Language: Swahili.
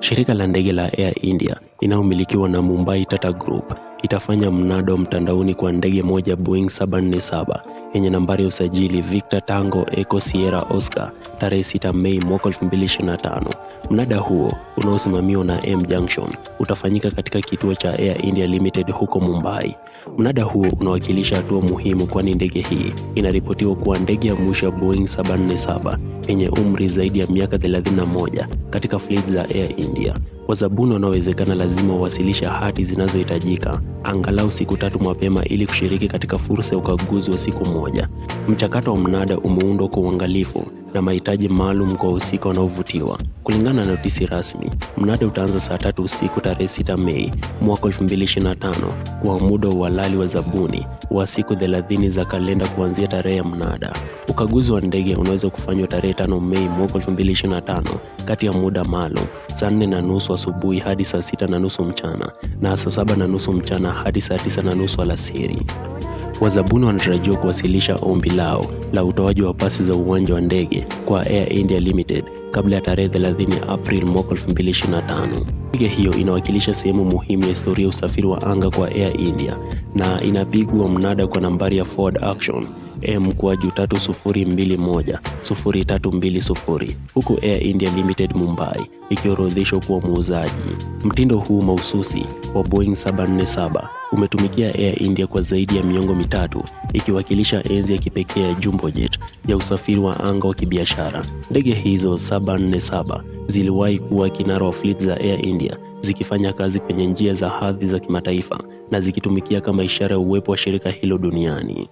Shirika la ndege la Air India inayomilikiwa na Mumbai Tata Group itafanya mnada mtandaoni kwa ndege moja Boeing 747 yenye nambari ya usajili Victor Tango Eco Sierra Oscar tarehe 6 Mei mwaka 2025. Mnada huo unaosimamiwa na M Junction utafanyika katika kituo cha Air India Limited huko Mumbai. Mnada huo unawakilisha hatua muhimu, kwani ndege hii inaripotiwa kuwa ndege ya mwisho ya Boeing 747 yenye umri zaidi ya miaka 31 katika fleet za Air India. Wazabuni wanaowezekana lazima wawasilisha hati zinazohitajika angalau siku tatu mapema ili kushiriki katika fursa ya ukaguzi wa siku moja. Mchakato wa mnada umeundwa kwa uangalifu na mahitaji maalum kwa wahusika wanaovutiwa. Kulingana na notisi rasmi, mnada utaanza saa tatu usiku tarehe 6 Mei mwaka 2025 kwa muda wa uhalali wa zabuni wa siku 30 za kalenda kuanzia tarehe ya mnada. Ukaguzi wa ndege unaweza kufanywa tarehe 5 Mei mwaka 2025 kati ya muda maalum saa 4 na nusu asubuhi hadi saa 6 na nusu mchana na saa 7 na nusu mchana hadi saa 9 na nusu alasiri. Wazabuni wanatarajiwa kuwasilisha ombi lao la utoaji wa pasi za uwanja wa ndege kwa Air India Limited kabla ya tarehe 30 Aprili mwaka 2025. Ndege hiyo inawakilisha sehemu muhimu ya historia ya usafiri wa anga kwa Air India na inapigwa mnada kwa nambari ya Ford Action M kwa juu 3021 huku Air India Limited Mumbai ikiorodheshwa kuwa muuzaji. Mtindo huu mahususi wa Boeing 747 umetumikia Air India kwa zaidi ya miongo mitatu ikiwakilisha enzi ya kipekee ya Jumbojet ya usafiri wa anga wa kibiashara. Ndege hizo 747 ziliwahi kuwa kinara wa fleet za Air India zikifanya kazi kwenye njia za hadhi za kimataifa na zikitumikia kama ishara ya uwepo wa shirika hilo duniani.